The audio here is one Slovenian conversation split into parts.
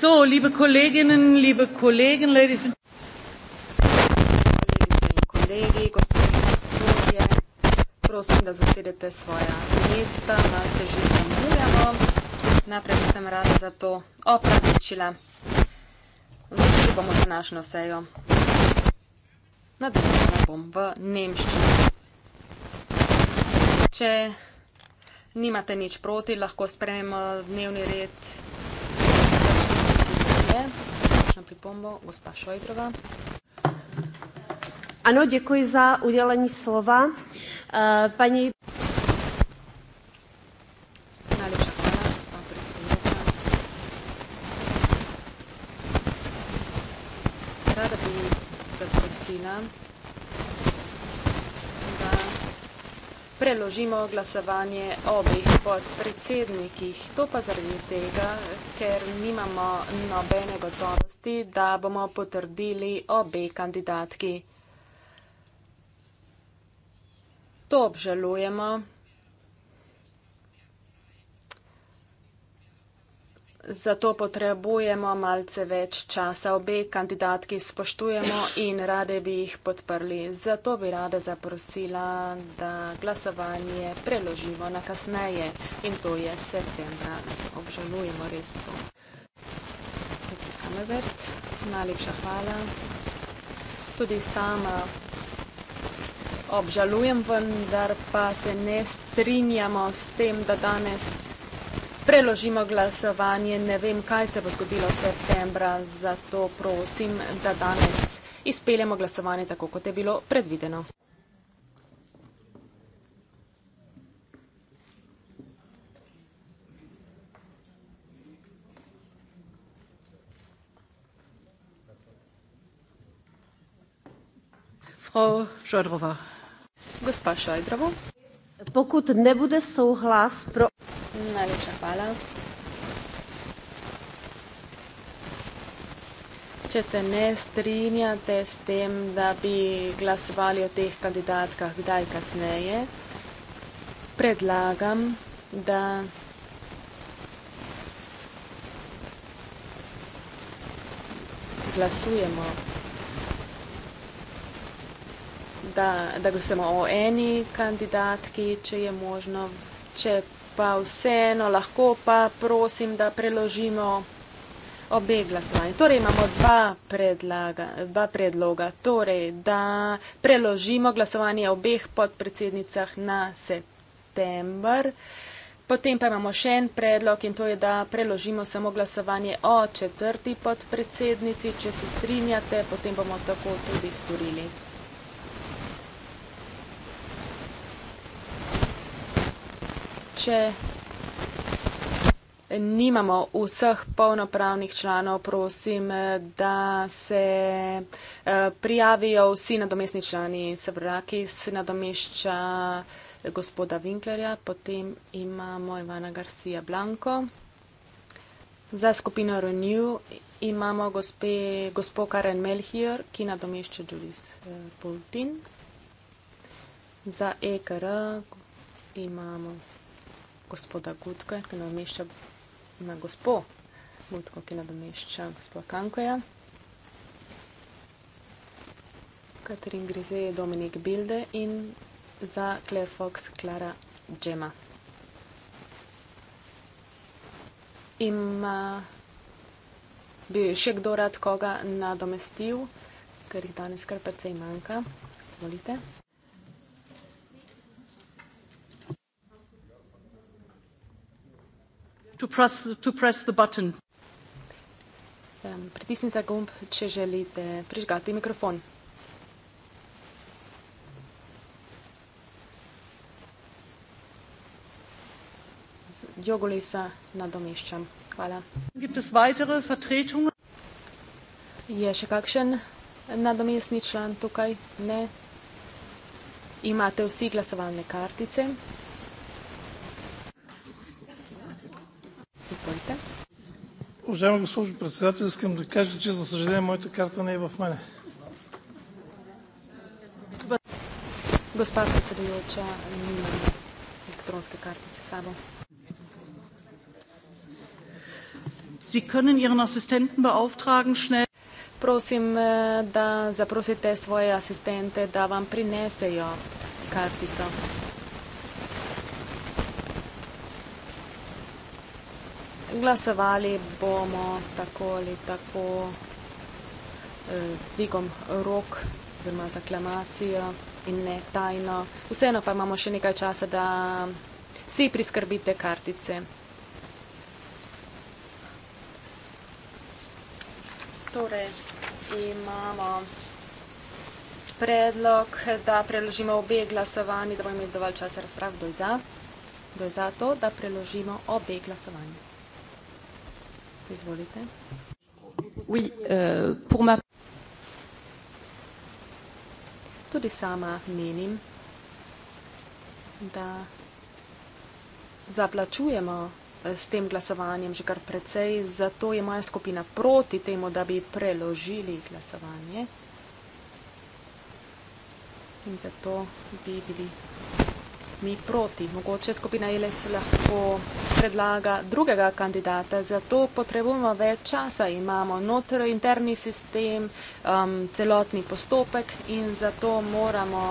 So, liebe Kolleginnen, liebe Kollegen, Ladies and Kolegi, gospodine in gospodje, prosim, da zasedete svoja mesta, malce že zamujamo. Najprej bi sem rada za to opravičila. Začeli bomo današnjo sejo. Nadaljevala bom v nemščini. Če nimate nič proti, lahko spremem dnevni red. pripombo gospa Šojdrova. Ano, děkuji za udělení slova. Eh, paní preložimo glasovanje o obeh podpredsednikih. To pa zaradi tega, ker nimamo nobene gotovosti, da bomo potrdili obe kandidatki. To obžalujemo. Zato potrebujemo malce več časa. Obe kandidatki spoštujemo in rade bi jih podprli. Zato bi rada zaprosila, da glasovanje preložimo na kasneje in to je septembra. Obžalujemo res to. Najlepša hvala. Tudi sama obžalujem, vendar pa se ne strinjamo s tem, da danes preložimo glasovanje, ne vem, kaj se bo zgodilo septembra, zato prosim, da danes izpeljemo glasovanje tako, kot je bilo predvideno. Gospa Šojdrova. Pokud ne bude souhlas pro... Najlepša hvala. Če se ne strinjate s tem, da bi glasovali o teh kandidatkah kdaj kasneje, predlagam, da glasujemo, da, da glasujemo o eni kandidatki, če je možno, če pa vseeno lahko pa prosim, da preložimo obe glasovanje. Torej imamo dva, predlaga, dva predloga, torej da preložimo glasovanje obeh podpredsednicah na september. Potem pa imamo še en predlog in to je, da preložimo samo glasovanje o četrti podpredsednici. Če se strinjate, potem bomo tako tudi storili. če nimamo vseh polnopravnih članov, prosim, da se eh, prijavijo vsi nadomestni člani. Sevrakis nadomešča gospoda Winklerja, potem imamo Ivana Garcia Blanco. Za skupino Renew imamo gospe, gospo Karen Melchior, ki nadomešča Julius Pultin. Eh, Za EKR imamo gospoda Gudka, ki namešča na gospo Gudko, ki namešča gospoda Kankoja. Katrin Grize je Dominik Bilde in za Claire Fox Klara Džema. Ima bi še kdo rad koga nadomestil, ker jih danes kar precej manjka. Zvolite. to press, to press the button. Pritisnite gumb, če želite prižgati mikrofon. Jogolisa nadomeščam. Hvala. Gibt es weitere Vertretungen? Je še kakšen nadomestni član tukaj? Ne. Imate vsi glasovalne kartice? Ne. Заповядайте. Уважаема госпожо Председател, искам да кажа, че за съжаление моята карта не е в мене. Госпожа Цариоча, има електронска карта с Сабо. Sie können Ihren Assistenten beauftragen, schnell. Prosim, da zaprosite svoje asistente, da vam prinesejo kartico. glasovali bomo tako ali tako eh, z dvigom rok oziroma z aklamacijo in ne tajno. Vseeno pa imamo še nekaj časa, da si priskrbite kartice. Torej imamo predlog, da preložimo obe glasovanji, da bomo imeli dovolj časa razprave, kdo je za. Kdo je za to, da preložimo obe glasovanji? Izvolite. Oui, euh, pour ma... Tudi sama menim, da zaplačujemo eh, s tem glasovanjem že kar precej, zato je moja skupina proti temu, da bi preložili glasovanje. In zato bi bili mi proti. Mogoče skupina ILS lahko predlaga drugega kandidata, zato potrebujemo več časa, imamo noter interni sistem, um, celotni postopek in zato moramo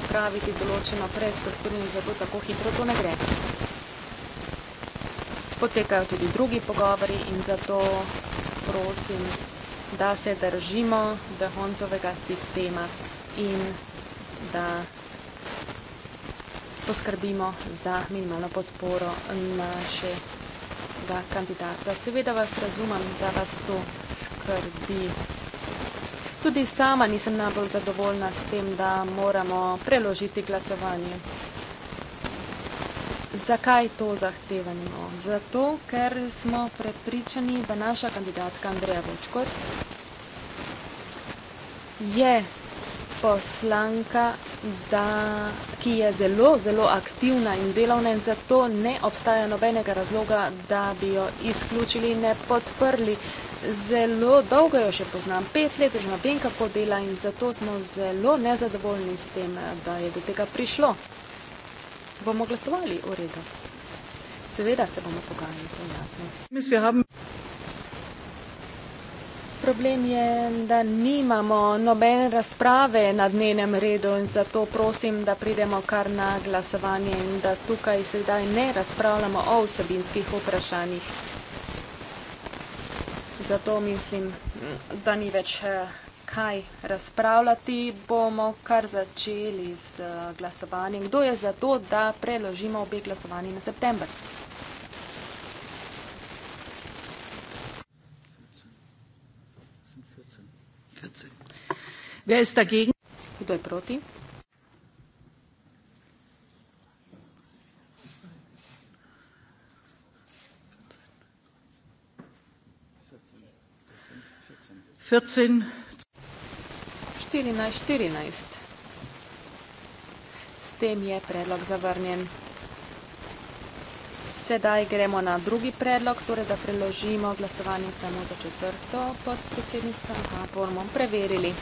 opraviti določeno prestrukturiranje, zato tako hitro to ne gre. Potekajo tudi drugi pogovori in zato prosim, da se držimo dehontovega sistema in da poskrbimo za minimalno podporo našega kandidata. Seveda vas razumem, da vas to skrbi. Tudi sama nisem najbolj zadovoljna s tem, da moramo preložiti glasovanje. Zakaj to zahtevamo? Zato, ker smo prepričani, da naša kandidatka Andreja Vučkot je poslanka, da, ki je zelo, zelo aktivna in delovna in zato ne obstaja nobenega razloga, da bi jo izključili in ne podprli. Zelo dolgo jo še poznam, pet let, že vem, kako dela in zato smo zelo nezadovoljni s tem, da je do tega prišlo. Bomo glasovali v redu. Seveda se bomo pogajali, to je jasno. Problem je, da nimamo nobene razprave na dnevnem redu in zato prosim, da pridemo kar na glasovanje in da tukaj sedaj ne razpravljamo o vsebinskih vprašanjih. Zato mislim, da ni več eh, kaj razpravljati. Bomo kar začeli z eh, glasovanjem. Kdo je za to, da preložimo obe glasovanji na september? Wer ist dagegen? Kdo je proti? štirinajst štirinajst s tem je predlog zavrnjen Sedaj gremo na drugi predlog, torej da preložimo glasovanje samo za četrto podpredsednico. Aha, bomo preverili,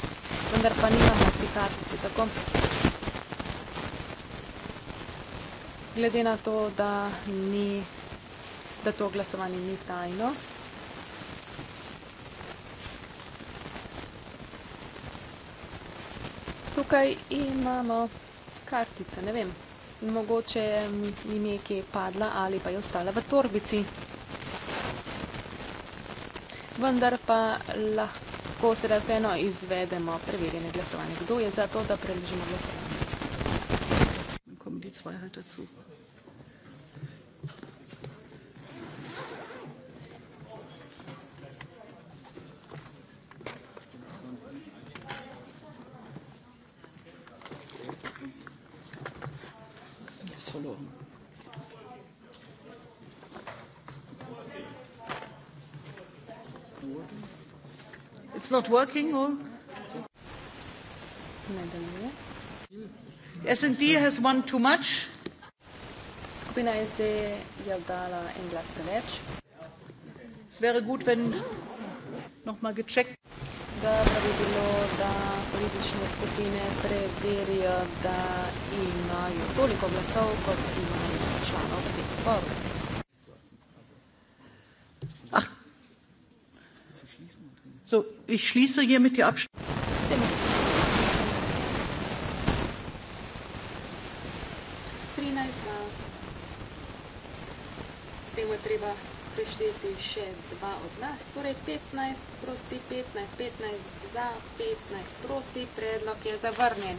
vendar pa nimamo vsi kartice, tako. Glede na to, da ni, da to glasovanje ni tajno. Tukaj imamo kartice, ne vem mogoče jim je kje padla ali pa je ostala v torbici. Vendar pa lahko se da vseeno izvedemo preverjene glasovanje. Kdo je za to, da preležimo glasovanje? Dann kommen die zwei halt dazu. kolo. It's not working or? SD has one too much. Skupina SD je dala en glas preveč. Es wäre gut, wenn noch mal gecheckt dobro bi bilo, da politične skupine preverijo, da imajo toliko glasov, kot imajo članov pri odboru. Ah. So, ich schließe hiermit die proti, 15, 15 za, 15 proti, predlog je zavrnjen.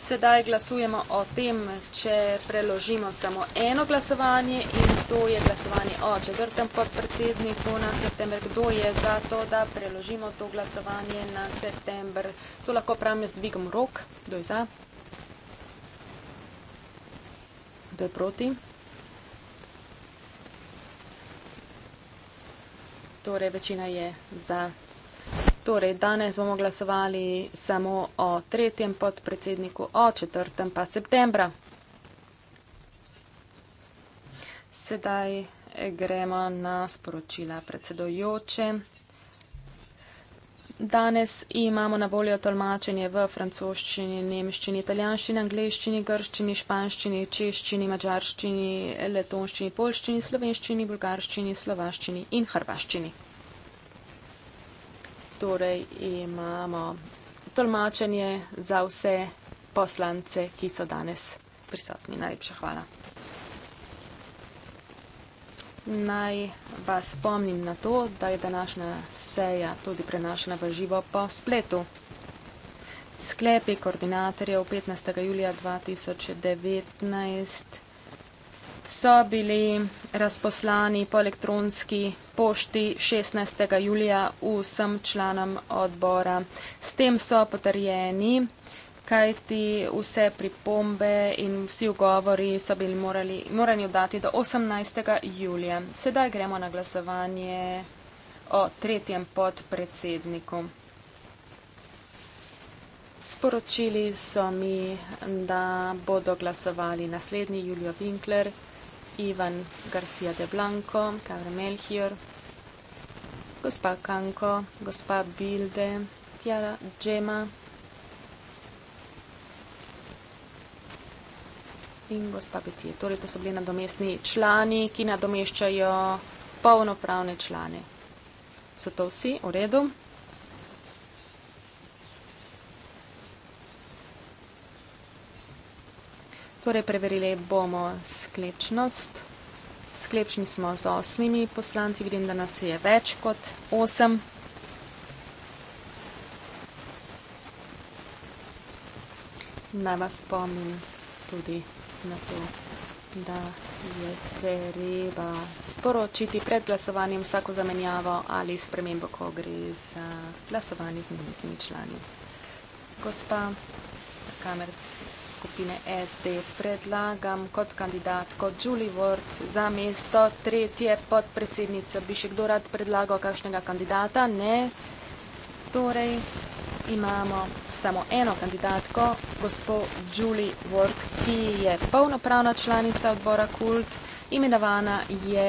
Sedaj glasujemo o tem, če preložimo samo eno glasovanje in to je glasovanje o četrtem podpredsedniku na september. Kdo je za to, da preložimo to glasovanje na september? To lahko pravim s dvigom rok. Kdo je za? Kdo je proti? Torej, večina je za Torej, danes bomo glasovali samo o tretjem podpredsedniku, o četrtem pa septembra. Sedaj gremo na sporočila predsedojoče. Danes imamo na voljo tolmačenje v francoščini, nemščini, italijanščini, angliščini, grščini, španščini, češčini, mačarščini, letonščini, polščini, slovenščini, bulgarščini, slovaščini in hrvaščini torej imamo tolmačenje za vse poslance, ki so danes prisotni. Najlepša hvala. Naj vas spomnim na to, da je današnja seja tudi prenašena v živo po spletu. Sklepi koordinatorjev 15. julija 2019 so bili razposlani po elektronski pošti 16. julija vsem članom odbora. S tem so potrjeni, kajti vse pripombe in vsi ugovori so bili morali, morani oddati do 18. julija. Sedaj gremo na glasovanje o tretjem podpredsedniku. Sporočili so mi, da bodo glasovali naslednji Julio Winkler. Ivan Garcia de Blanco, Cabra Melchior, Gospa Kanko, Gospa Bilde, Piara Džema in Gospa Petit. Torej, to so bili nadomestni člani, ki nadomeščajo polnopravne člane. So to vsi v redu? Torej, preverili bomo sklepčnost. Sklepčni smo z osmimi poslanci, vidim, da nas je več kot osem. Naj vas spomnim tudi na to, da je treba sporočiti pred glasovanjem vsako zamenjavo ali spremembo, ko gre za glasovanje z neodvisnimi člani. Gospa, kamer skupine SD predlagam kot kandidatko Julie Ward za mesto tretje podpredsednice. Bi še kdo rad predlagal kakšnega kandidata? Ne. Torej imamo samo eno kandidatko, gospo Julie Ward, ki je polnopravna članica odbora Kult. Imenovana je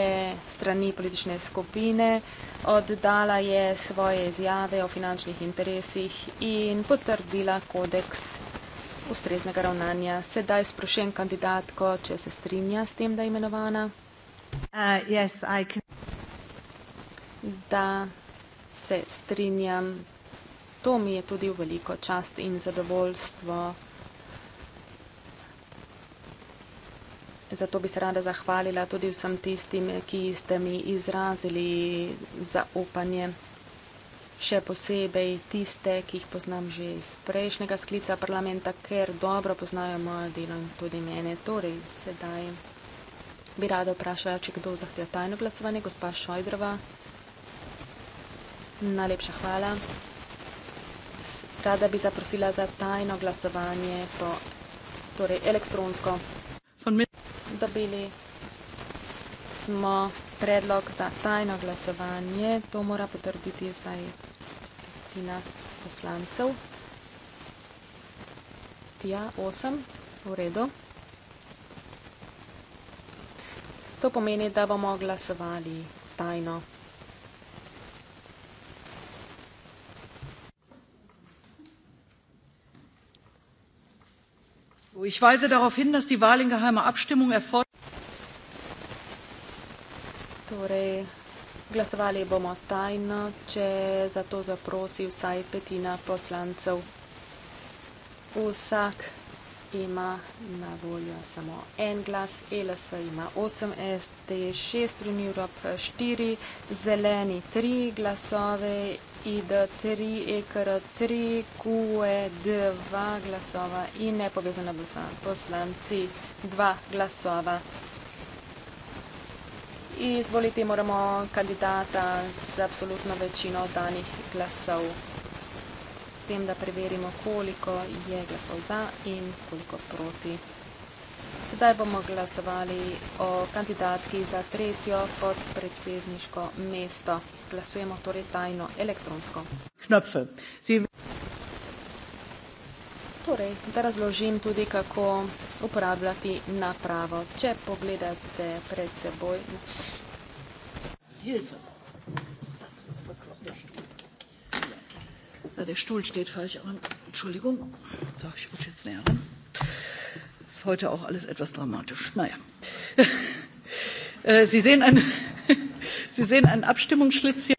strani politične skupine, oddala je svoje izjave o finančnih interesih in potrdila kodeks ustreznega ravnanja. Sedaj sprašujem kandidatko, če se strinja s tem, da je imenovana. Uh, yes, can... Da se strinjam. To mi je tudi v veliko čast in zadovoljstvo. Zato bi se rada zahvalila tudi vsem tistim, ki ste mi izrazili zaupanje še posebej tiste, ki jih poznam že iz prejšnjega sklica parlamenta, ker dobro poznajo moje delo in tudi mene. Torej, sedaj bi rada vprašala, če kdo zahteva tajno glasovanje, gospa Šojdrova. Najlepša hvala. Rada bi zaprosila za tajno glasovanje po, torej elektronsko. Dobili smo predlog za tajno glasovanje, to mora potrditi vsaj petina poslancev. Ja, osem, v redu. To pomeni, da bomo glasovali tajno. Ich weise darauf hin, dass die Wahl in geheimer Abstimmung erfolgt. Torej, glasovali bomo tajno, če za to zaprosi vsaj petina poslancev. Vsak ima na voljo samo en glas, LS ima 8, ST 6, Renew Europe 4, Zeleni 3 glasove, ID 3, EKR 3, QE 2 glasova in nepovezano poslanci 2 glasova. Izvoliti moramo kandidata z absolutno večino danih glasov. S tem, da preverimo, koliko je glasov za in koliko proti. Sedaj bomo glasovali o kandidatki za tretjo podpredsedniško mesto. Glasujemo torej tajno, elektronsko. Knöpfe. Sie Torej, da razložim tudi, kako uporabljati napravo. Če pogledate pred seboj. Ja, der Stuhl steht falsch an. Entschuldigung. Darf ich mich jetzt näher ran? Ist heute auch alles etwas dramatisch. Naja. Äh, Sie sehen einen, Sie sehen einen Abstimmungsschlitz hier.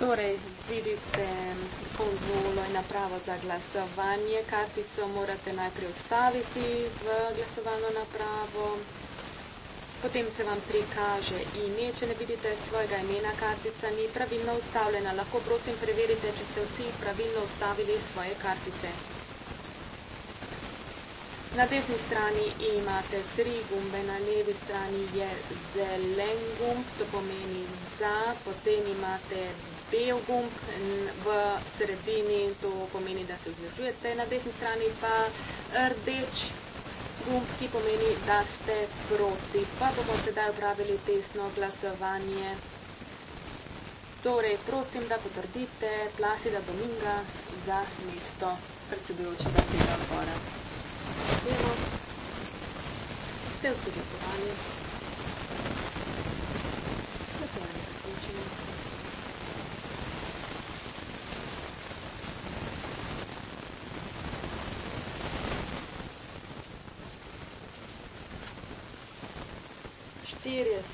Torej, vidite, tombolo in napravo za glasovanje. Kartico morate najprej vstaviti v glasovalno napravo. Potem se vam prikaže ime. Če ne vidite svojega imena, kartica ni pravilno vstavljena. Lahko prosim preverite, če ste vsi pravilno vstavili svoje kartice. Na desni strani imate tri gumbe, na levi strani je zelen gumb, to pomeni za, potem imate bel gumb v sredini, to pomeni, da se vzdržujete, na desni strani pa rdeč gumb, ki pomeni, da ste proti. Pa bomo sedaj upravili testno glasovanje. Torej, prosim, da potrdite Placida Dominga za mesto predsedujočega tega odbora. Glasujemo. Ste vsi glasovali?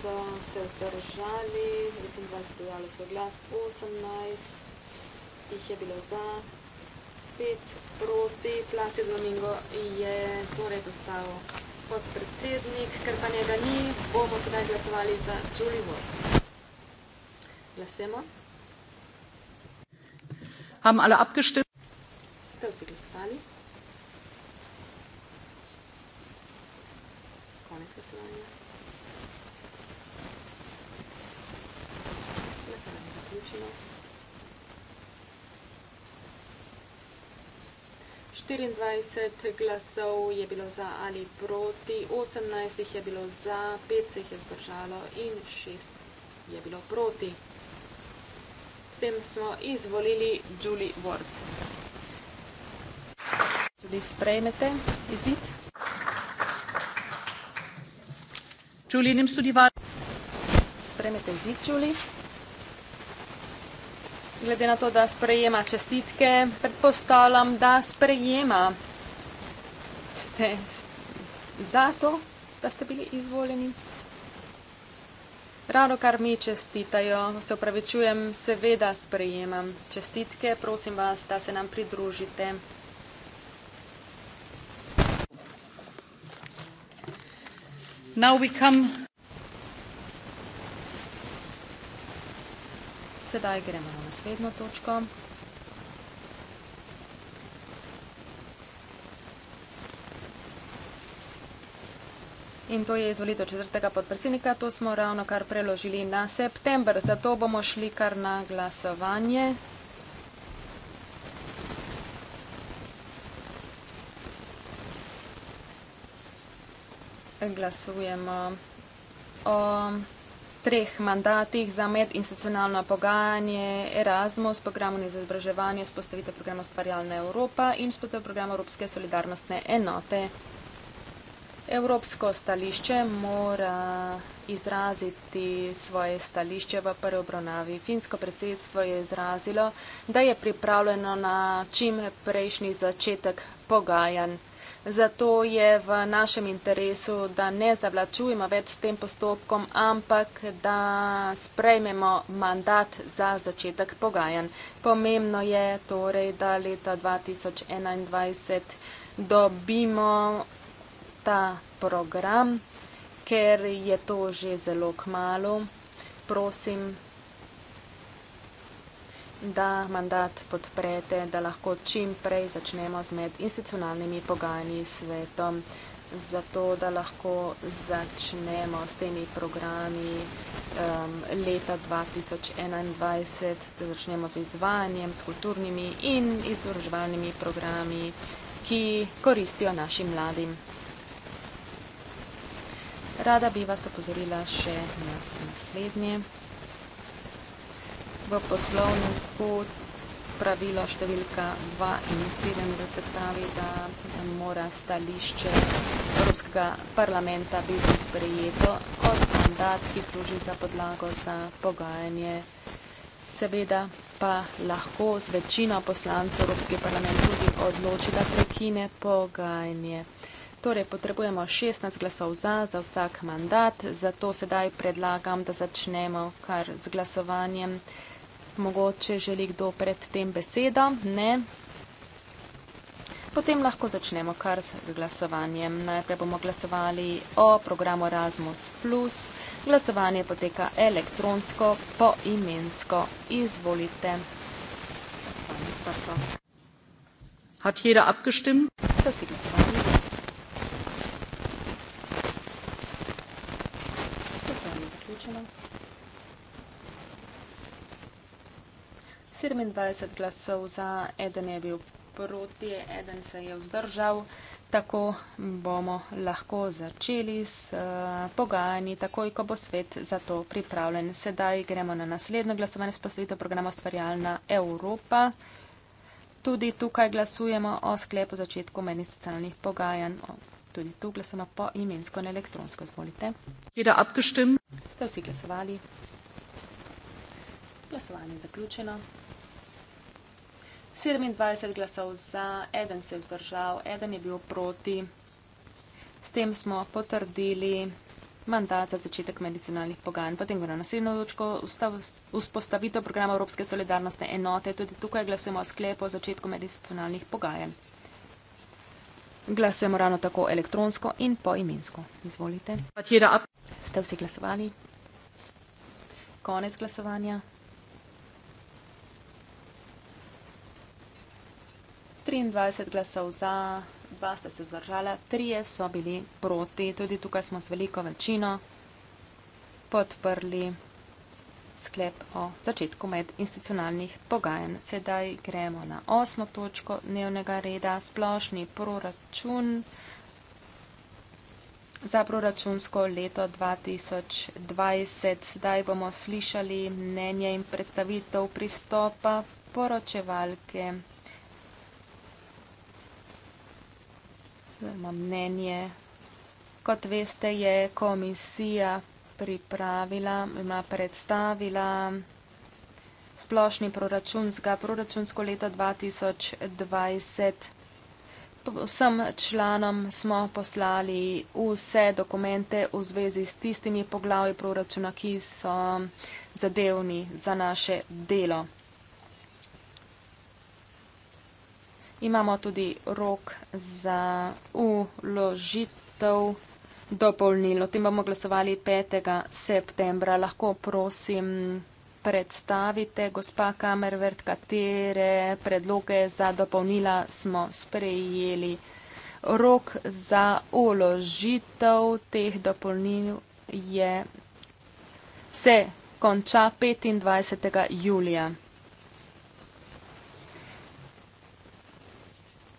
so se vzdržali, 25 podali so glas, 18 jih je bilo za, 5 proti, Placido Domingo je torej postal podpredsednik, ker pa njega ni, bomo sedaj glasovali za Julie Ward. Glasujemo. Haben alle abgestimmt? Ste vsi glasovali? Konec glasovanja. površino. 24 glasov je bilo za ali proti, 18 je bilo za, 5 se je zdržalo in 6 je bilo proti. S tem smo izvolili Julie Ward. Tudi sprejmete izid. Julie, nem studivali. Sprejmete izid, Julie glede na to, da sprejema čestitke, predpostavljam, da sprejema. Ste zato, da ste bili izvoljeni? Rado, kar mi čestitajo, se upravičujem, seveda sprejemam čestitke, prosim vas, da se nam pridružite. Now we come Sedaj gremo na naslednjo točko. In to je izvolitev četrtega podpredsednika, to smo ravno kar preložili na september, zato bomo šli kar na glasovanje. Glasujemo o treh mandatih za medinstitucionalno pogajanje Erasmus, programu za izobraževanje, spostavitev programa Stvarjalna Evropa in spostavitev programa Evropske solidarnostne enote. Evropsko stališče mora izraziti svoje stališče v prvi obravnavi. Finsko predsedstvo je izrazilo, da je pripravljeno na čim prejšnji začetek pogajanj. Zato je v našem interesu, da ne zavlačujemo več s tem postopkom, ampak da sprejmemo mandat za začetek pogajanj. Pomembno je torej, da leta 2021 dobimo ta program, ker je to že zelo k malu. Prosim, da mandat podprete, da lahko čim prej začnemo z medinstitucionalnimi pogajanji s svetom, zato da lahko začnemo s temi programi um, leta 2021, da začnemo z izvajanjem, s kulturnimi in izobraževalnimi programi, ki koristijo našim mladim. Rada bi vas opozorila še na naslednje v poslovniku pravilo številka dvainsedemdeset pravi, da mora stališče Evropskega parlamenta biti sprejeto kot mandat, ki služi za podlago za pogajanje. Seveda pa lahko z večino poslancev Evropski parlament tudi odloči, da prekine pogajanje. Torej potrebujemo šestnajst glasov za, za vsak mandat, zato sedaj predlagam, da začnemo kar z glasovanjem. Mogoče želi kdo pred tem besedo? Ne. Potem lahko začnemo kar z glasovanjem. Najprej bomo glasovali o programu Erasmus+. Glasovanje poteka elektronsko, poimensko. Izvolite. Glasovanje odprto. Hat jeder abgestimmt? Ste vsi glasovali? Glasovanje zaključeno. 27 glasov za, eden je bil proti, eden se je vzdržal. Tako bomo lahko začeli s uh, pogajanji, takoj ko bo svet za to pripravljen. Sedaj gremo na naslednjo glasovanje s poslitev programa Stvarjalna Evropa. Tudi tukaj glasujemo o sklepu začetku medinstitucionalnih pogajanj. Tudi tu glasujemo po imensko in elektronsko. Zvolite. Ste vsi glasovali? Glasovanje je zaključeno. 27 glasov za, eden se je vzdržal, eden je bil proti. S tem smo potrdili mandat za začetek medicinalnih pogajanj. Potem gremo na naslednjo točko, vzpostavitev programa Evropske solidarnostne enote. Tudi tukaj glasujemo o sklepu o začetku medicinalnih pogajanj. Glasujemo ravno tako elektronsko in poimensko. Izvolite. Ste vsi glasovali? Konec glasovanja. 23 glasov za, dva sta se vzdržala, trije so bili proti. Tudi tukaj smo z veliko večino podprli sklep o začetku medinstitucionalnih pogajanj. Sedaj gremo na osmo točko dnevnega reda, splošni proračun za proračunsko leto 2020. Sedaj bomo slišali mnenje in predstavitev pristopa poročevalke. na mnenje. Kot veste, je komisija pripravila, ima predstavila splošni proračun za proračunsko leto 2020. Vsem članom smo poslali vse dokumente v zvezi s tistimi poglavji proračuna, ki so zadevni za naše delo. imamo tudi rok za uložitev dopolnil. O tem bomo glasovali 5. septembra. Lahko prosim predstavite, gospa Kamervert, katere predloge za dopolnila smo sprejeli. Rok za uložitev teh dopolnil je se konča 25. julija.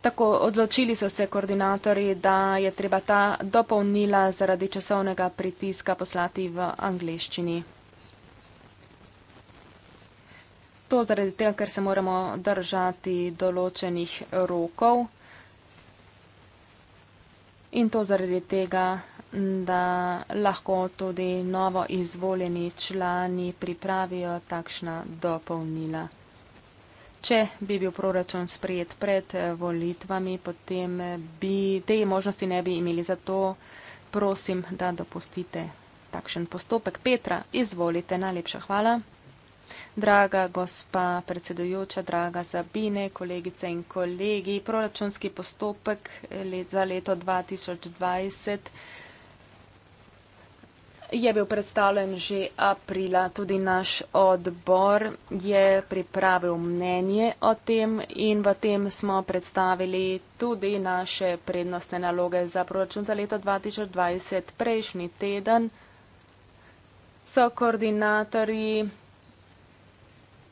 Tako odločili so se koordinatorji, da je treba ta dopolnila zaradi časovnega pritiska poslati v angleščini. To zaradi tega, ker se moramo držati določenih rokov in to zaradi tega, da lahko tudi novo izvoljeni člani pripravijo takšna dopolnila. Če bi bil proračun sprejet pred eh, volitvami, potem eh, bi te možnosti ne bi imeli. Zato prosim, da dopustite takšen postopek. Petra, izvolite, najlepša hvala. Draga gospa predsedujoča, draga Zabine, kolegice in kolegi, proračunski postopek eh, let za leto 2020 je bil predstavljen že aprila. Tudi naš odbor je pripravil mnenje o tem in v tem smo predstavili tudi naše prednostne naloge za proračun za leto 2020. Prejšnji teden so koordinatorji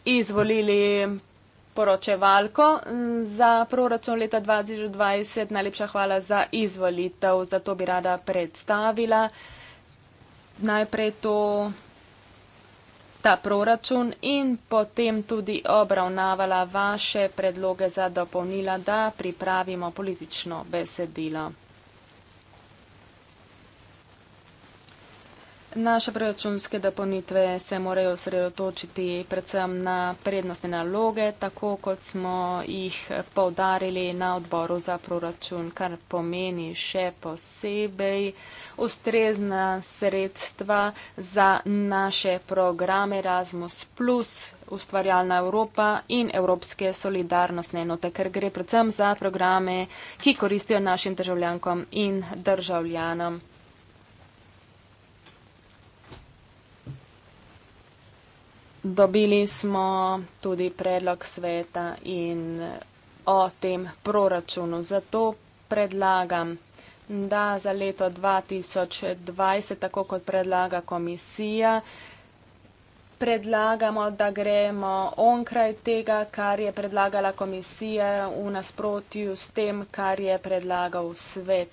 izvolili poročevalko za proračun leta 2020. Najlepša hvala za izvolitev, zato bi rada predstavila najprej to, ta proračun in potem tudi obravnavala vaše predloge za dopolnila, da pripravimo politično besedilo. Naše proračunske dopolnitve se morajo osredotočiti predvsem na prednostne naloge, tako kot smo jih povdarili na odboru za proračun, kar pomeni še posebej ustrezna sredstva za naše programe Erasmus, ustvarjalna Evropa in evropske solidarnostne enote, ker gre predvsem za programe, ki koristijo našim državljankom in državljanom. dobili smo tudi predlog sveta in o tem proračunu. Zato predlagam, da za leto 2020, tako kot predlaga komisija, predlagamo, da gremo onkraj tega, kar je predlagala komisija v nasprotju s tem, kar je predlagal svet.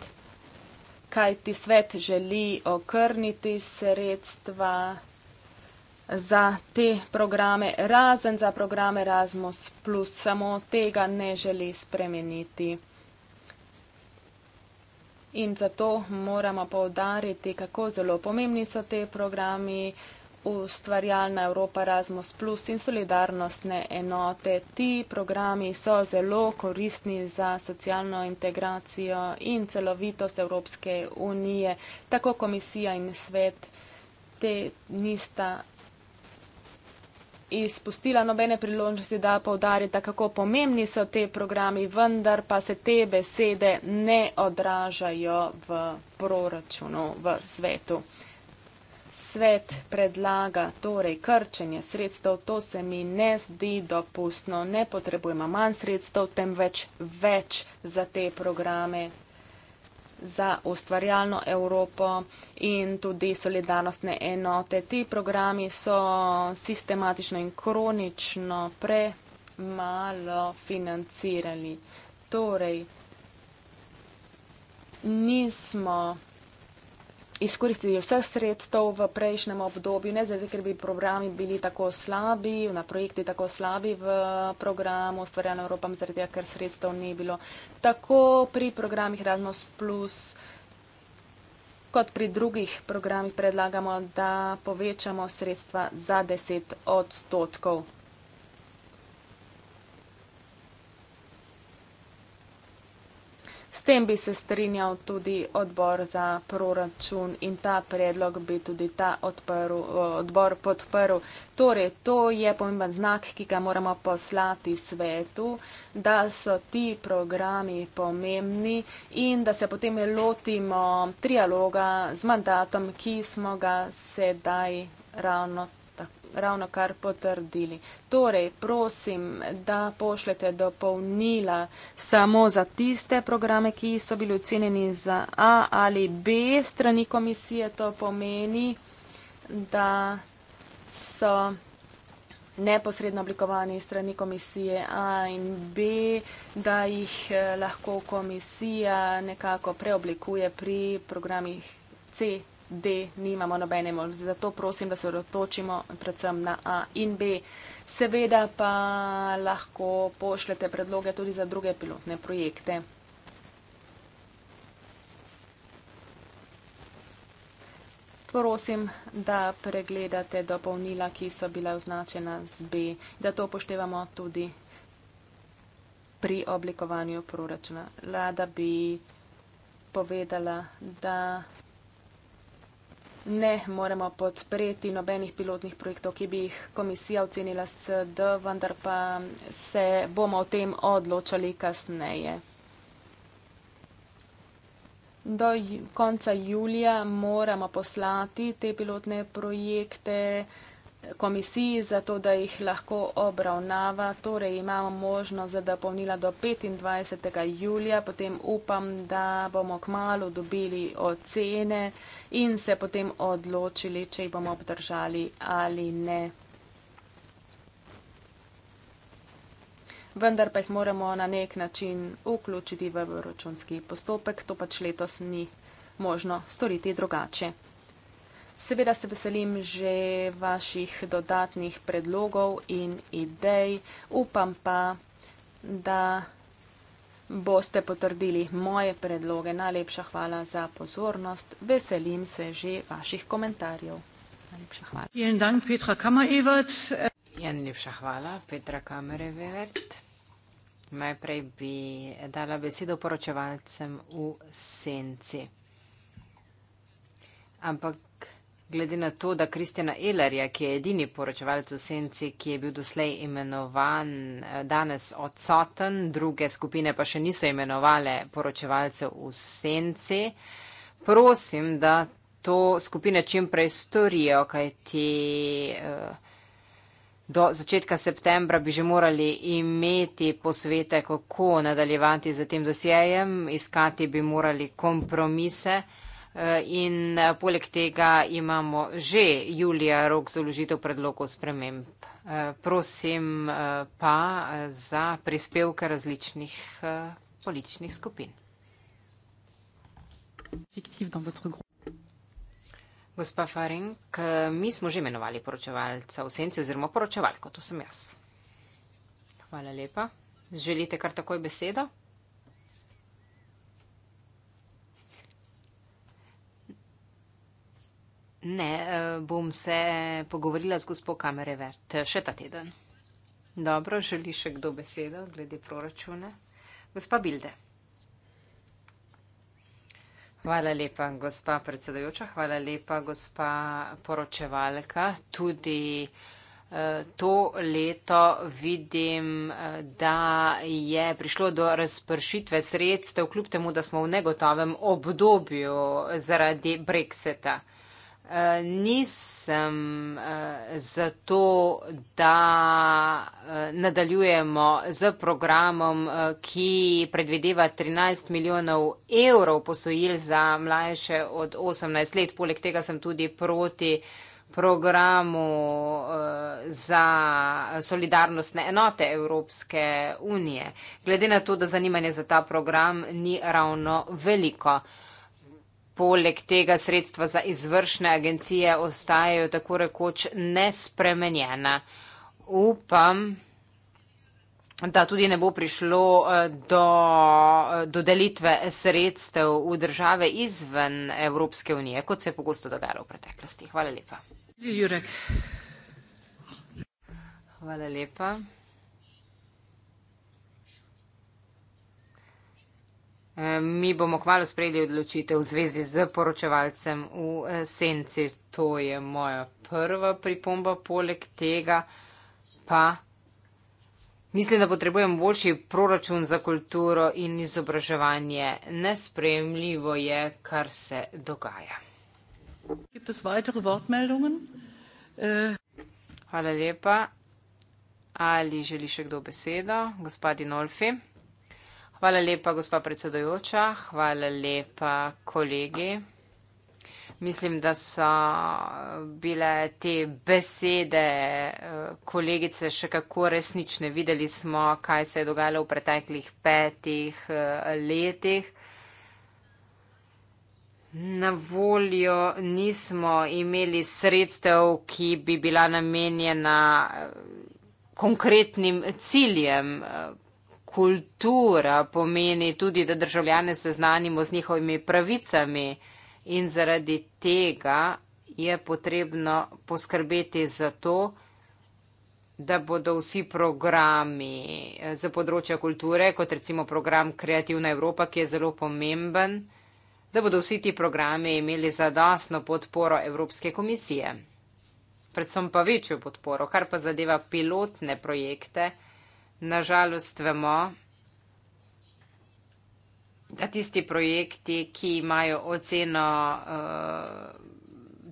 Kaj ti svet želi okrniti sredstva? za te programe, razen za program Erasmus, plus, samo tega ne želi spremeniti. In zato moramo povdariti, kako zelo pomembni so te programi, ustvarjalna Evropa, Erasmus, plus in solidarnostne enote. Ti programi so zelo koristni za socialno integracijo in celovitost Evropske unije, tako komisija in svet. Te nista izpustila nobene priložnosti, da povdarjata, kako pomembni so te programi, vendar pa se te besede ne odražajo v proračunu, v svetu. Svet predlaga torej krčenje sredstev, to se mi ne zdi dopustno, ne potrebujemo manj sredstev, temveč več za te programe za ustvarjalno Evropo in tudi solidarnostne enote. Ti programi so sistematično in kronično premalo financirali. Torej, nismo izkoristili vseh sredstev v prejšnjem obdobju, ne zato, ker bi programi bili tako slabi, na projekti tako slabi v programu Stvarjeno Evropa, zaradi ker sredstev ni bilo tako pri programih Razmos Plus. Kot pri drugih programih predlagamo, da povečamo sredstva za 10 odstotkov. S tem bi se strinjal tudi odbor za proračun in ta predlog bi tudi ta odprl, odbor podprl. Torej, to je pomemben znak, ki ga moramo poslati svetu, da so ti programi pomembni in da se potem lotimo trialoga z mandatom, ki smo ga sedaj ravno ravno kar potrdili. Torej, prosim, da pošljete dopolnila samo za tiste programe, ki so bili ocenjeni za A ali B strani komisije. To pomeni, da so neposredno oblikovani strani komisije A in B, da jih eh, lahko komisija nekako preoblikuje pri programih C D nimamo nobene možnosti. Zato prosim, da se odločimo predvsem na A in B. Seveda pa lahko pošljete predloge tudi za druge pilotne projekte. Prosim, da pregledate dopolnila, ki so bila označena z B, da to upoštevamo tudi pri oblikovanju proračuna. Rada bi povedala, da ne moremo podpreti nobenih pilotnih projektov, ki bi jih komisija ocenila s CD, vendar pa se bomo o tem odločali kasneje. Do konca julija moramo poslati te pilotne projekte komisiji, zato da jih lahko obravnava. Torej imamo možnost za dopolnila do 25. julija, potem upam, da bomo k malu dobili ocene in se potem odločili, če jih bomo obdržali ali ne. Vendar pa jih moramo na nek način vključiti v računski postopek, to pač letos ni možno storiti drugače. Seveda se veselim že vaših dodatnih predlogov in idej, upam pa, da boste potrdili moje predloge. Najlepša hvala za pozornost. Veselim se že vaših komentarjev. Najlepša hvala. Jen dan, Petra Kamerevert. Jen ja, lepša hvala, Petra Kamerevert. Najprej bi dala besedo poročevalcem v senci. Ampak Glede na to, da Kristjana Ilerja, ki je edini poročevalec v senci, ki je bil doslej imenovan, eh, danes odsoten, druge skupine pa še niso imenovale poročevalcev v senci, prosim, da to skupine čim prej storijo, kajti eh, do začetka septembra bi že morali imeti posvete, kako nadaljevati z tem dosjejem, iskati bi morali kompromise. Eh, in eh, poleg tega imamo že julija rok za uložitev predlogov sprememb. Eh, prosim pa za prispevke različnih političnih skupin. Gospa Faring, mi smo že imenovali poročevalca v senci oziroma poročevalko, to sem jaz. Hvala lepa. Želite kar takoj besedo? Ne, eh, bom se pogovorila z gospod Kamerevert še ta teden. Dobro, želi še kdo besedo glede proračuna? Gospa Bilde. Hvala lepa, gospa predsedajoča, hvala lepa, gospa poročevalka. Tudi eh, To leto vidim, eh, da je prišlo do razpršitve sredstev, kljub temu, da smo v negotovem obdobju zaradi brekseta nisem eh, zato, da eh, nadaljujemo z programom, eh, ki predvideva 13 milijonov evrov posojil za mlajše od 18 let. Poleg tega sem tudi proti programu za solidarnostne enote Evropske unije. Glede na to, da zanimanje za ta program ni ravno veliko poleg tega sredstva za izvršne agencije ostajajo tako rekoč nespremenjena. Upam, da tudi ne bo prišlo eh, do eh, dodelitve sredstev v države izven Evropske unije, kot se je pogosto dogajalo v preteklosti. Hvala lepa. Hvala lepa. mi bomo kvalo sprejeli odločitev v zvezi z poročevalcem v eh, senci. To je moja prva pripomba, poleg tega pa mislim, da potrebujem boljši proračun za kulturo in izobraževanje. Nespremljivo je, kar se dogaja. Hvala lepa. Ali želi še kdo besedo? Gospodin Olfi. Hvala lepa, gospa predsedojoča. Hvala lepa, kolegi. Mislim, da so bile te besede eh, kolegice še kako resnične. Videli smo, kaj se je dogajalo v preteklih petih eh, letih. Na voljo nismo imeli sredstev, ki bi bila namenjena eh, konkretnim ciljem, kultura pomeni tudi, da državljane seznanimo z njihovimi pravicami in zaradi tega je potrebno poskrbeti za to, da bodo vsi programi eh, za področja kulture, kot recimo program Kreativna Evropa, ki je zelo pomemben, da bodo vsi ti programi imeli zadostno podporo Evropske komisije, predvsem pa večjo podporo, kar pa zadeva pilotne projekte, Na žalost vemo, da tisti projekti, ki imajo oceno eh,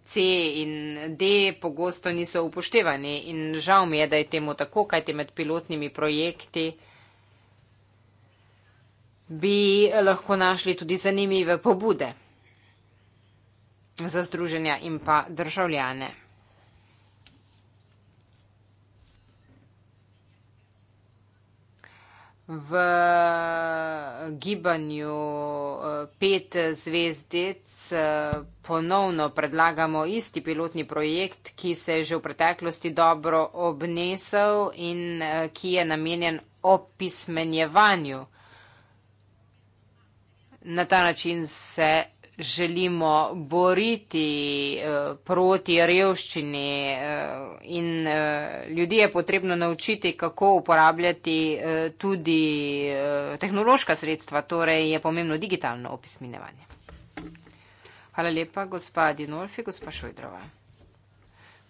C in D, pogosto niso upoštevani. In žal mi je, da je temu tako, kajti med pilotnimi projekti bi lahko našli tudi zanimive pobude za združenja in pa državljane. v eh, gibanju eh, pet zvezdic eh, ponovno predlagamo isti pilotni projekt, ki se je že v preteklosti dobro obnesel in ki je namenjen opismenjevanju. Na ta način se želimo boriti eh, proti revščini eh, in eh, ljudi je potrebno naučiti, kako uporabljati tudi tehnološka sredstva, torej je pomembno digitalno opismenevanje. Hvala lepa, gospa Dinolfi, gospa Šojdrova.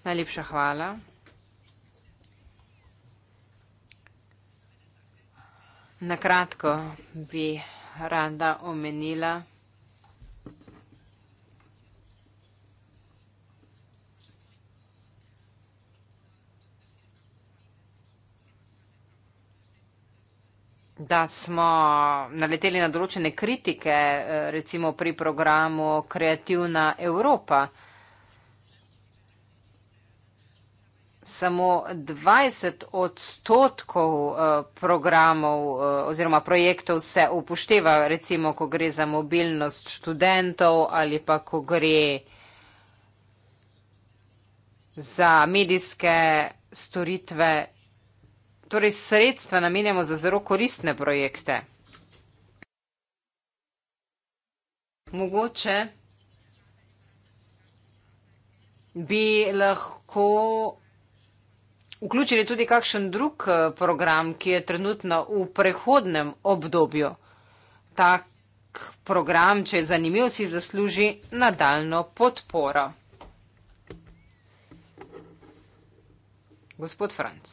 Najlepša hvala. Na kratko bi rada omenila, da smo naleteli na določene kritike, eh, recimo pri programu Kreativna Evropa. Samo 20 odstotkov eh, programov eh, oziroma projektov se upošteva, recimo, ko gre za mobilnost študentov ali pa ko gre za medijske storitve študentov torej sredstva namenjamo za zelo koristne projekte. Mogoče bi lahko vključili tudi kakšen drug eh, program, ki je trenutno v prehodnem obdobju. Tak program, če je zanimiv, si zasluži nadaljno podporo. Gospod Franc.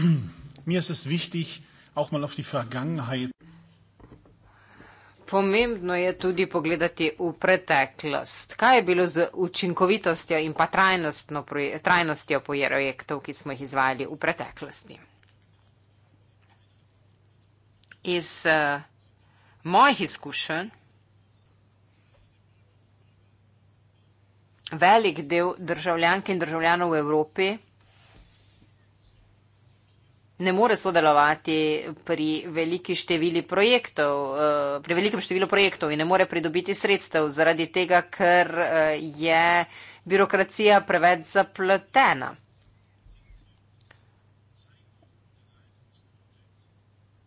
mir ist es wichtig, auch mal auf die Vergangenheit. Pomembno je tudi pogledati v preteklost. Kaj je bilo z učinkovitostjo in pa trajnostjo projektov, ki smo jih izvajali v preteklosti? Iz uh, mojih izkušenj velik del državljank in državljanov v Evropi ne more sodelovati pri, projektov, eh, pri velikem številu projektov in ne more pridobiti sredstev zaradi tega, ker eh, je birokracija preveč zapletena.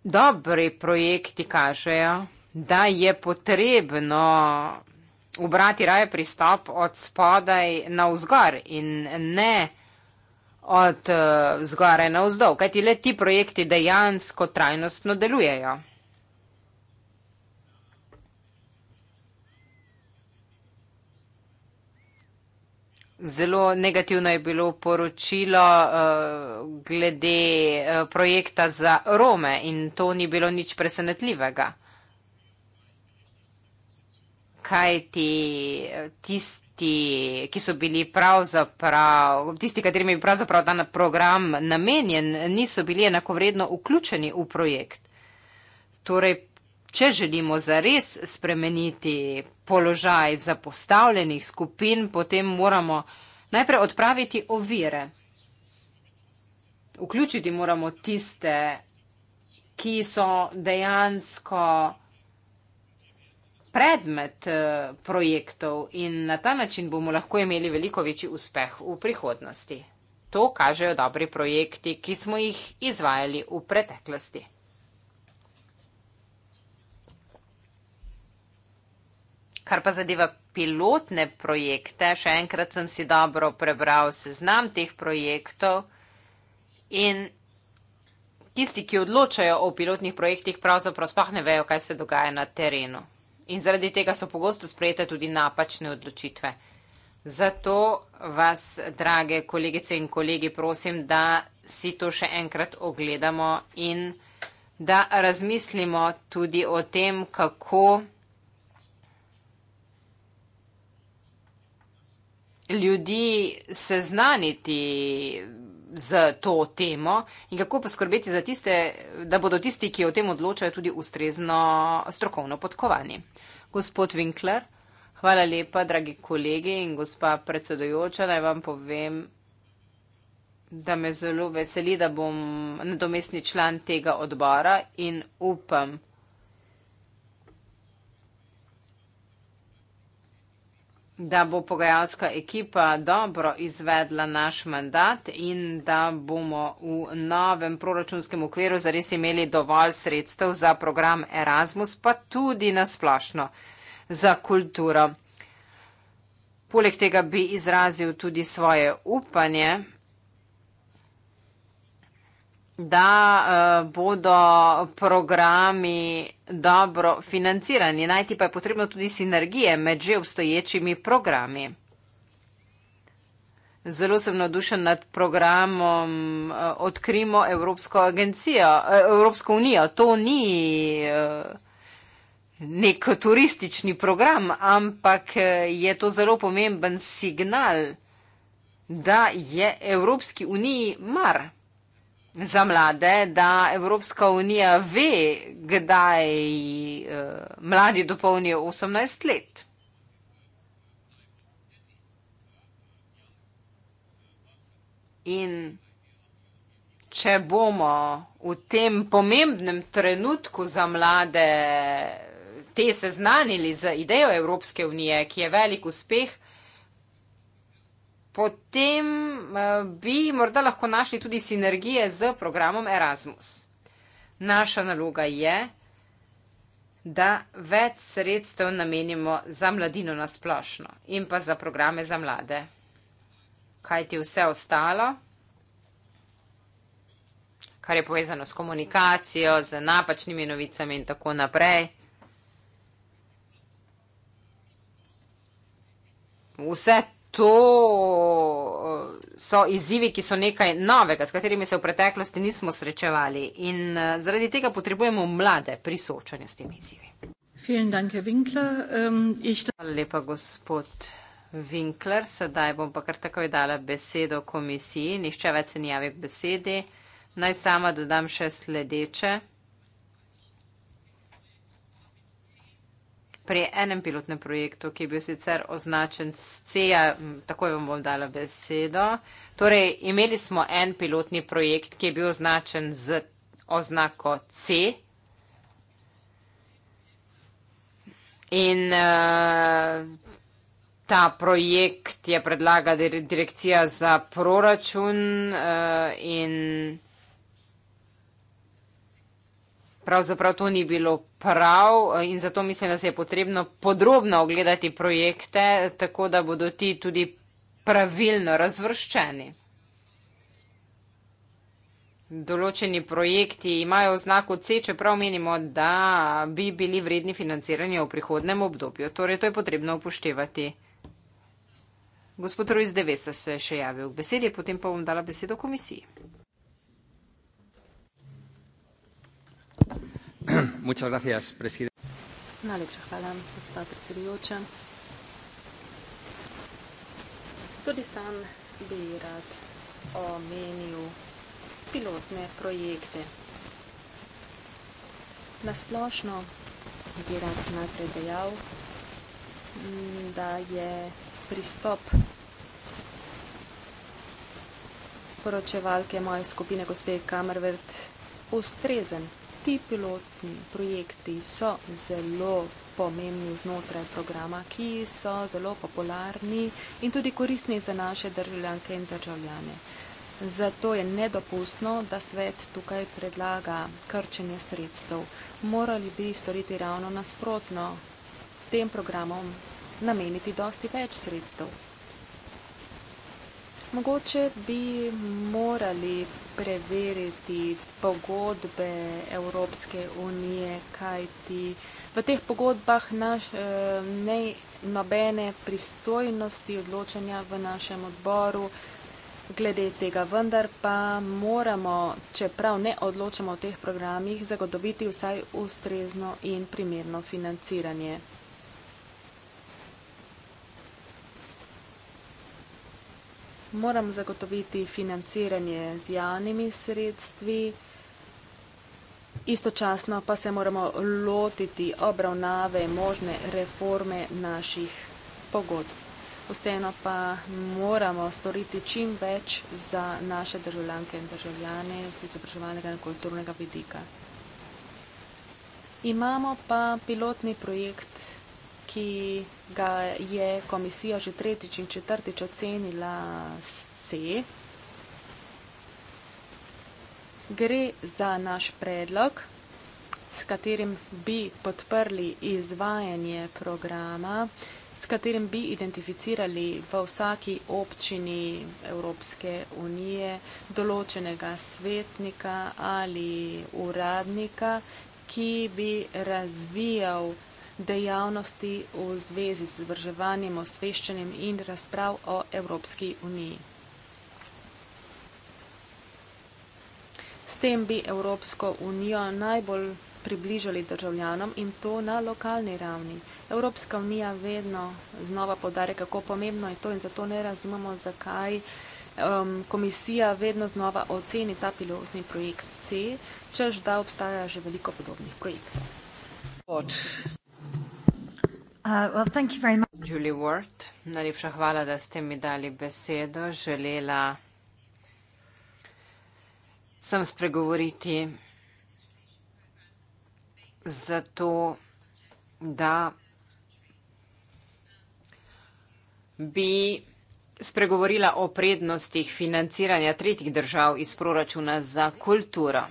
Dobri projekti kažejo, da je potrebno obrati raje pristop od spodaj na vzgor in ne od eh, zgoraj na vzdolj, kajti le ti projekti dejansko trajnostno delujejo. Zelo negativno je bilo poročilo eh, glede eh, projekta za Rome in to ni bilo nič presenetljivega kaj ti eh, tisti. Ti, ki so bili pravzaprav, tisti, katerim je pravzaprav dan program namenjen, niso bili enakovredno vključeni v projekt. Torej, če želimo zares spremeniti položaj zapostavljenih skupin, potem moramo najprej odpraviti ovire. Vključiti moramo tiste, ki so dejansko predmet eh, projektov in na ta način bomo lahko imeli veliko večji uspeh v prihodnosti. To kažejo dobri projekti, ki smo jih izvajali v preteklosti. Kar pa zadeva pilotne projekte, še enkrat sem si dobro prebral seznam teh projektov in tisti, ki odločajo o pilotnih projektih, pravzaprav spah ne vejo, kaj se dogaja na terenu. In zaradi tega so pogosto sprejete tudi napačne odločitve. Zato vas, drage kolegice in kolegi, prosim, da si to še enkrat ogledamo in da razmislimo tudi o tem, kako ljudi seznaniti z to temo in kako poskrbeti za tiste, da bodo tisti, ki o tem odločajo, tudi ustrezno strokovno podkovani. Gospod Winkler, hvala lepa, dragi kolegi in gospa predsedojoča, naj vam povem, da me zelo veseli, da bom nadomestni član tega odbora in upam, da bo pogajalska ekipa dobro izvedla naš mandat in da bomo v novem proračunskem okviru zares imeli dovolj sredstev za program Erasmus, pa tudi nasplošno za kulturo. Poleg tega bi izrazil tudi svoje upanje, da eh, bodo programi dobro financirani. Najti pa je potrebno tudi sinergije med že obstoječimi programi. Zelo sem navdušen nad programom eh, Odkrimo Evropsko agencijo, eh, Evropsko unijo. To ni nek turistični program, ampak je to zelo pomemben signal, da je Evropski uniji mar za mlade, da Evropska unija ve, kdaj eh, mladi dopolnijo 18 let. In če bomo v tem pomembnem trenutku za mlade te seznanili za idejo Evropske unije, ki je velik uspeh, potem eh, bi morda lahko našli tudi sinergije z programom Erasmus. Naša naloga je, da več sredstev namenimo za mladino na splošno in pa za programe za mlade. Kaj ti vse ostalo? Kar je povezano s komunikacijo, z napačnimi novicami in tako naprej. Vse to eh, so izzivi, ki so nekaj novega, s katerimi se v preteklosti nismo srečevali in eh, zaradi tega potrebujemo mlade pri soočanju s temi izzivi. Ähm, Hvala lepa, gospod Winkler. Sedaj bom pa kar takoj dala besedo komisiji. Nišče več se ni javil k besedi. Naj sama dodam še sledeče. pri enem pilotnem projektu, ki je bil sicer označen s CEA, takoj vam bom dala besedo. Torej, imeli smo en pilotni projekt, ki je bil označen z oznako C. In uh, ta projekt je predlaga direkcija za proračun uh, in pravzaprav to ni bilo prav eh, in zato mislim, da se je potrebno podrobno ogledati projekte, tako da bodo ti tudi pravilno razvrščeni. Določeni projekti imajo znak C, čeprav menimo, da bi bili vredni financiranja v prihodnem obdobju. Torej, to je potrebno upoštevati. Gospod Rojz Devesa se je še javil k besedi, potem pa bom dala besedo komisiji. Najlepša hvala, gospa predsedujoča. Tudi sam bi rad omenil pilotne projekte. Na splošno bi rad najprej dejal, da je pristop poročevalke moje skupine, gospe Kammerwirth, ustrezen ti pilotni projekti so zelo pomembni znotraj programa, ki so zelo popularni in tudi koristni za naše državljanke in državljane. Zato je nedopustno, da svet tukaj predlaga krčenje sredstev. Morali bi storiti ravno nasprotno, tem programom nameniti dosti več sredstev. Mogoče bi morali preveriti pogodbe Evropske unije, kajti v teh pogodbah naš, eh, ne, nobene pristojnosti odločanja v našem odboru glede tega. Vendar pa moramo, čeprav ne odločamo o teh programih, zagotoviti vsaj ustrezno in primerno financiranje. moram zagotoviti financiranje z javnimi sredstvi, istočasno pa se moramo lotiti obravnave možne reforme naših pogodb. Vseeno pa moramo storiti čim več za naše državljanke in državljane z izobraževalnega in kulturnega vidika. Imamo pa pilotni projekt ki ga je komisija že tretjič in četrtič ocenila s C, gre za naš predlog, s katerim bi podprli izvajanje programa, s katerim bi identificirali v vsaki občini Evropske unije določenega svetnika ali uradnika, ki bi razvijal dejavnosti v zvezi z vrževanjem, osveščanjem in razprav o Evropski uniji. S tem bi Evropsko unijo najbolj približali državljanom in to na lokalni ravni. Evropska unija vedno znova podare, kako pomembno je to in zato ne razumemo, zakaj um, komisija vedno znova oceni ta pilotni projekt C, čež da obstaja že veliko podobnih projektov. Uh, Julie Ward, najlepša hvala, da ste mi dali besedo. Želela sem spregovoriti zato, da bi spregovorila o prednostih financiranja tretjih držav iz proračuna za kulturo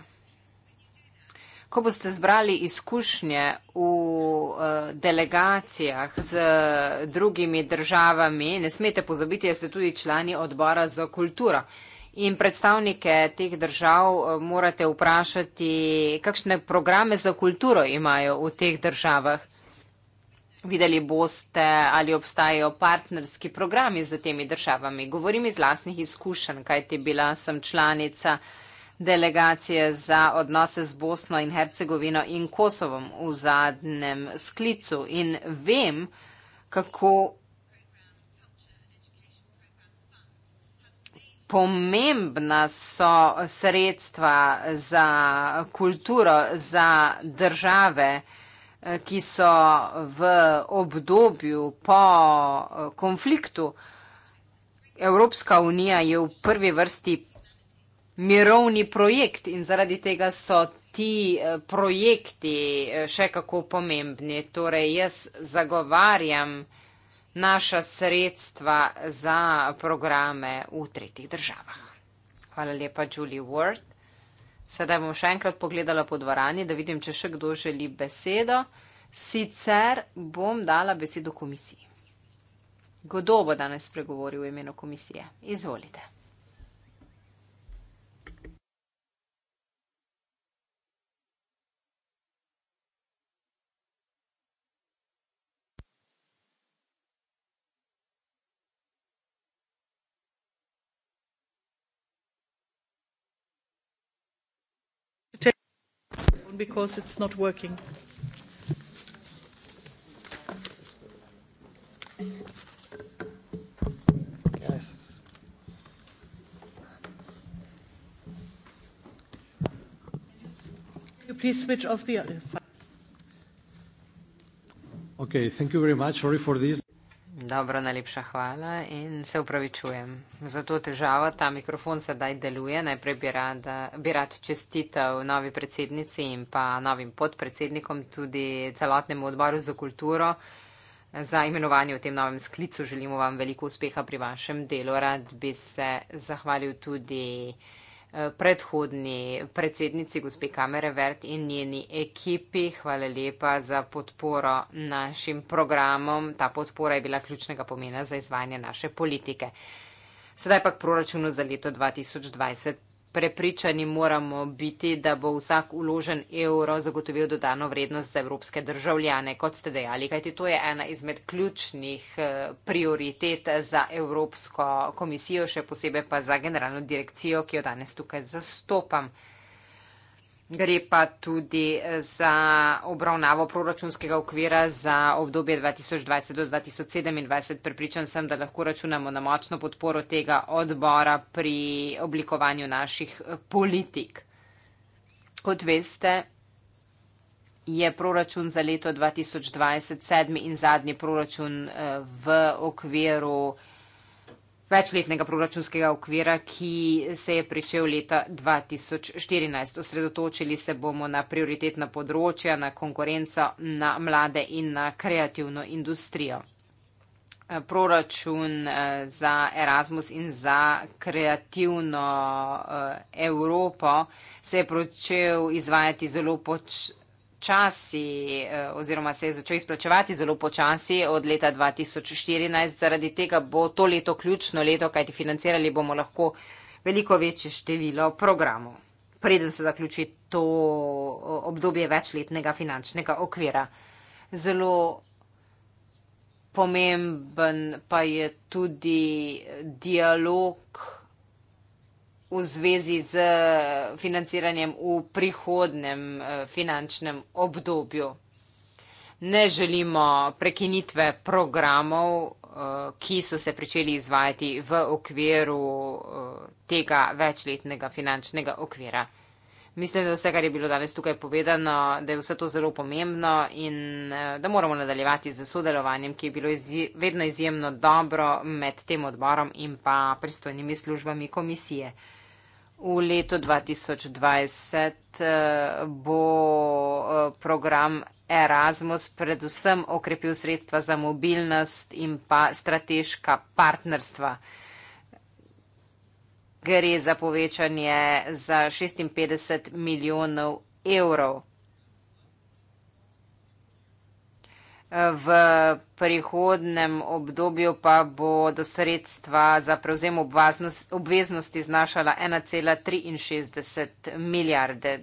ko boste zbrali izkušnje v eh, delegacijah z eh, drugimi državami, ne smete pozabiti, da ste tudi člani odbora za kulturo. In predstavnike teh držav eh, morate vprašati, kakšne programe za kulturo imajo v teh državah. Videli boste, ali obstajajo partnerski programi z temi državami. Govorim iz lasnih izkušenj, kajti bila sem članica delegacije za odnose z Bosno in Hercegovino in Kosovom v zadnjem sklicu in vem, kako pomembna so sredstva za kulturo, za države, ki so v obdobju po konfliktu. Evropska unija je v prvi vrsti mirovni projekt in zaradi tega so ti eh, projekti eh, še kako pomembni. Torej, jaz zagovarjam naša sredstva za programe v tretjih državah. Hvala lepa, Julie Ward. Sedaj bom še enkrat pogledala po dvorani, da vidim, če še kdo želi besedo. Sicer bom dala besedo komisiji. Kdo bo danes spregovoril v imenu komisije? Izvolite. because it's not working. Please switch off the other. Uh, okay, thank you very much. Sorry for this. Dobro, najlepša hvala in se upravičujem za to težavo. Ta mikrofon sedaj deluje. Najprej bi rad, bi rad čestitev novi predsednici in pa novim podpredsednikom, tudi celotnemu odboru za kulturo. Za imenovanje v tem novem sklicu želimo vam veliko uspeha pri vašem delu. Rad bi se zahvalil tudi predhodni predsednici, gospe Kamere Vert in njeni ekipi. Hvala lepa za podporo našim programom. Ta podpora je bila ključnega pomena za izvajanje naše politike. Sedaj pa k proračunu za leto 2020 prepričani moramo biti, da bo vsak uložen evro zagotovil dodano vrednost za evropske državljane, kot ste dejali, kajti to je ena izmed ključnih eh, prioritet za Evropsko komisijo, še posebej pa za generalno direkcijo, ki jo danes tukaj zastopam. Gre pa tudi eh, za obravnavo proračunskega okvira za obdobje 2020 do 2027. Pripričan sem, da lahko računamo na močno podporo tega odbora pri oblikovanju naših eh, politik. Kot veste, je proračun za leto 2020 sedmi in zadnji proračun eh, v okviru večletnega proračunskega okvira, ki se je pričel leta 2014. Osredotočili se bomo na prioritetna področja, na konkurenco, na mlade in na kreativno industrijo. Proračun eh, za Erasmus in za kreativno eh, Evropo se je pričel izvajati zelo počasno počasi eh, oziroma se je začel izplačevati zelo počasi od leta 2014. Zaradi tega bo to leto ključno leto, kajti financirali bomo lahko veliko večje število programov. Preden se zaključi to obdobje večletnega finančnega okvira. Zelo pomemben pa je tudi dialog v zvezi z eh, financiranjem v prihodnem eh, finančnem obdobju. Ne želimo prekinitve programov, eh, ki so se pričeli izvajati v okviru tega večletnega finančnega okvira. Mislim, da vse, kar je bilo danes tukaj povedano, da je vse to zelo pomembno in da moramo nadaljevati z sodelovanjem, ki je bilo izj vedno izjemno dobro med tem odborom in pa pristojnimi službami komisije. V letu 2020 eh, bo eh, program Erasmus predvsem okrepil sredstva za mobilnost in pa strateška partnerstva. Gre za povečanje za šestinpetdeset milijonov evrov. V prihodnem obdobju pa bodo sredstva za prevzem obveznosti znašala 1,63 milijarde.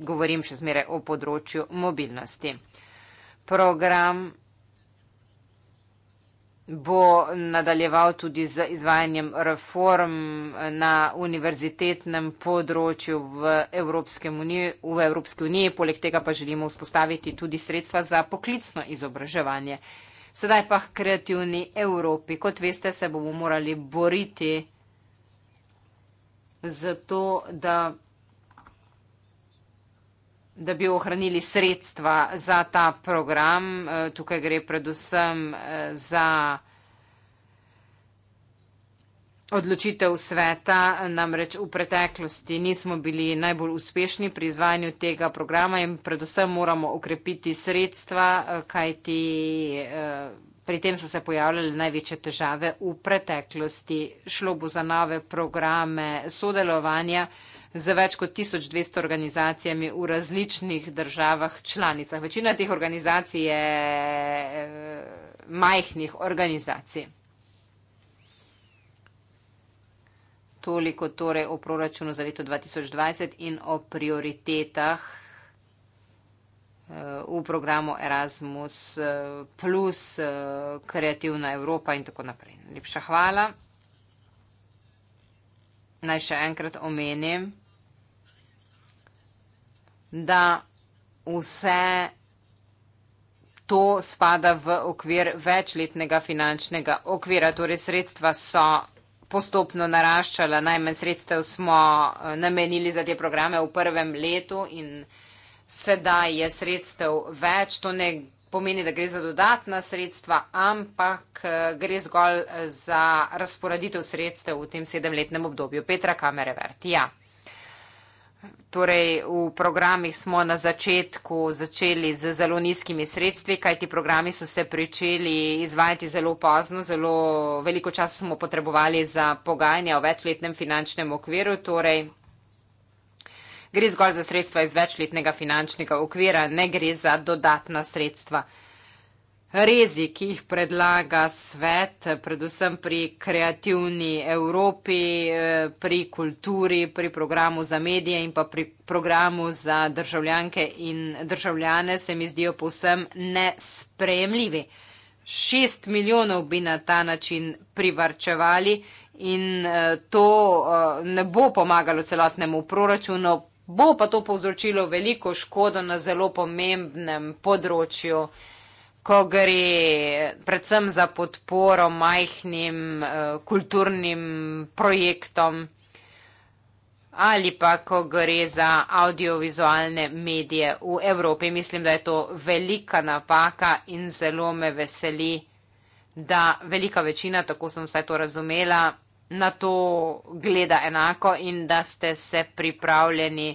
Govorim še zmeraj o področju mobilnosti. Program bo nadaljeval tudi z izvajanjem reform na univerzitetnem področju v Evropske unije, v Evropske unije, poleg tega pa želimo vzpostaviti tudi sredstva za poklicno izobraževanje. Sedaj pa kreativni Evropi. Kot veste, se bomo morali boriti za to, da da bi ohranili sredstva za ta program. E, tukaj gre predvsem e, za odločitev sveta, namreč v preteklosti nismo bili najbolj uspešni pri izvajanju tega programa in predvsem moramo ukrepiti sredstva, e, kajti pri tem so se pojavljale največje težave v preteklosti. Šlo bo za nove programe sodelovanja z več kot 1200 organizacijami v različnih državah članicah. Večina teh organizacij je eh, majhnih organizacij. Toliko torej o proračunu za leto 2020 in o prioritetah eh, v programu Erasmus, eh, plus Kreativna Evropa in tako naprej. Lepša hvala. Naj še enkrat omenim da vse to spada v okvir večletnega finančnega okvira, torej sredstva so postopno naraščala, najmanj sredstev smo eh, namenili za te programe v prvem letu in sedaj je sredstev več, to ne pomeni, da gre za dodatna sredstva, ampak eh, gre zgolj eh, za razporaditev sredstev v tem sedemletnem obdobju. Petra Kamerevert, ja. Torej, v programih smo na začetku začeli z zelo nizkimi sredstvi, kajti programi so se pričeli izvajati zelo pozno, zelo veliko časa smo potrebovali za pogajanja o večletnem finančnem okviru. Torej, gre zgolj za sredstva iz večletnega finančnega okvira, ne gre za dodatna sredstva rezi, ki jih predlaga svet, predvsem pri kreativni Evropi, eh, pri kulturi, pri programu za medije in pa pri programu za državljanke in državljane, se mi zdijo povsem nespremljivi. Šest milijonov bi na ta način privarčevali in eh, to eh, ne bo pomagalo celotnemu proračunu, bo pa to povzročilo veliko škodo na zelo pomembnem področju ko gre predvsem za podporo majhnim eh, kulturnim projektom ali pa ko gre za audiovizualne medije v Evropi. Mislim, da je to velika napaka in zelo me veseli, da velika večina, tako sem vsaj to razumela, na to gleda enako in da ste se pripravljeni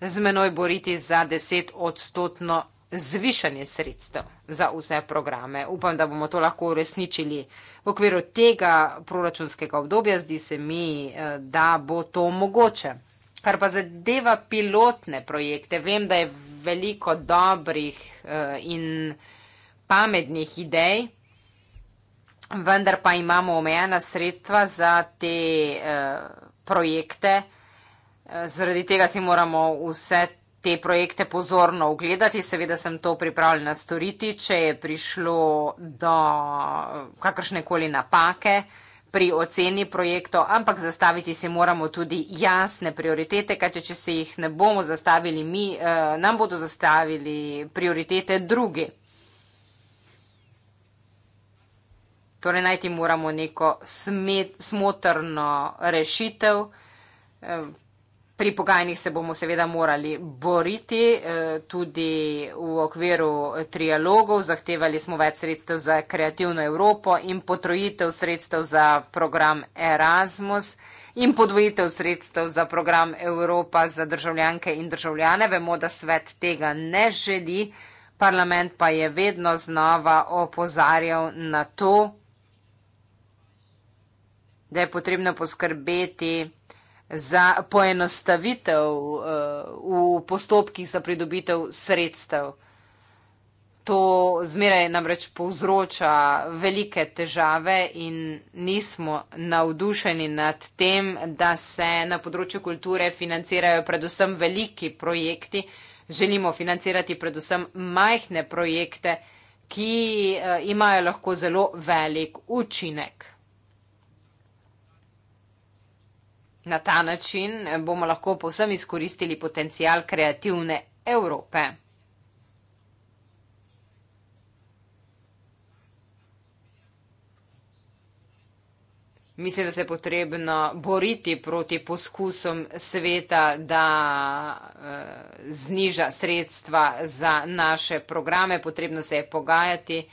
z menoj boriti za desetodstotno zvišanje sredstev za vse programe. Upam, da bomo to lahko uresničili v okviru tega proračunskega obdobja. Zdi se mi, eh, da bo to mogoče. Kar pa zadeva pilotne projekte, vem, da je veliko dobrih eh, in pametnih idej, vendar pa imamo omejena sredstva za te eh, projekte. Zaradi tega si moramo vse te projekte pozorno ogledati. Seveda sem to pripravljena storiti, če je prišlo do kakršne koli napake pri oceni projektov, ampak zastaviti si moramo tudi jasne prioritete, kajte če se jih ne bomo zastavili mi, eh, nam bodo zastavili prioritete druge. Torej najti moramo neko smet, smotrno rešitev, eh, Pri pogajanjih se bomo seveda morali boriti eh, tudi v okviru trialogov. Zahtevali smo več sredstev za kreativno Evropo in potrojitev sredstev za program Erasmus in podvojitev sredstev za program Evropa za državljanke in državljane. Vemo, da svet tega ne želi. Parlament pa je vedno znova opozarjal na to, da je potrebno poskrbeti za poenostavitev uh, v postopkih za pridobitev sredstev. To zmeraj namreč povzroča velike težave in nismo navdušeni nad tem, da se na področju kulture financirajo predvsem veliki projekti. Želimo financirati predvsem majhne projekte, ki uh, imajo lahko zelo velik učinek. Na ta način bomo lahko povsem izkoristili potencijal kreativne Evrope. Mislim, da se je potrebno boriti proti poskusom sveta, da eh, zniža sredstva za naše programe. Potrebno se je pogajati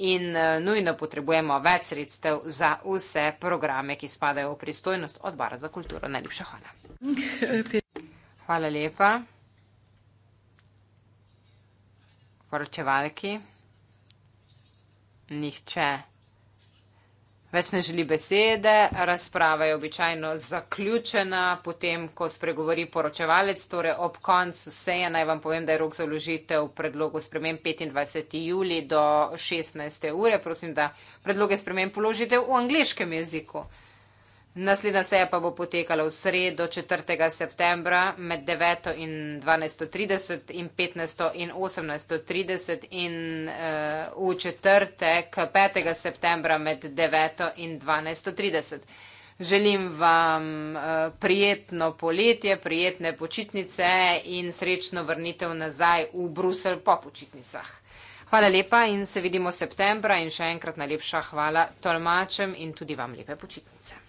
in eh, nujno potrebujemo več sredstev za vse programe, ki spadajo v pristojnost odbora za kulturo. Najlepša hvala. Hvala lepa. Poročevalki. Nihče več ne želi besede, razprava je običajno zaključena, potem, ko spregovori poročevalec, torej ob koncu seje, naj vam povem, da je rok za vložitev predlogu spremem 25. juli do 16. ure. Prosim, da predloge spremem položite v angliškem jeziku. Naslednja seja pa bo potekala v sredo 4. septembra med 9. in 12.30 in 15. in 18.30 in uh, v četrtek 5. septembra med 9. in 12.30. Želim vam uh, prijetno poletje, prijetne počitnice in srečno vrnitev nazaj v Brusel po počitnicah. Hvala lepa in se vidimo septembra in še enkrat najlepša hvala tolmačem in tudi vam lepe počitnice.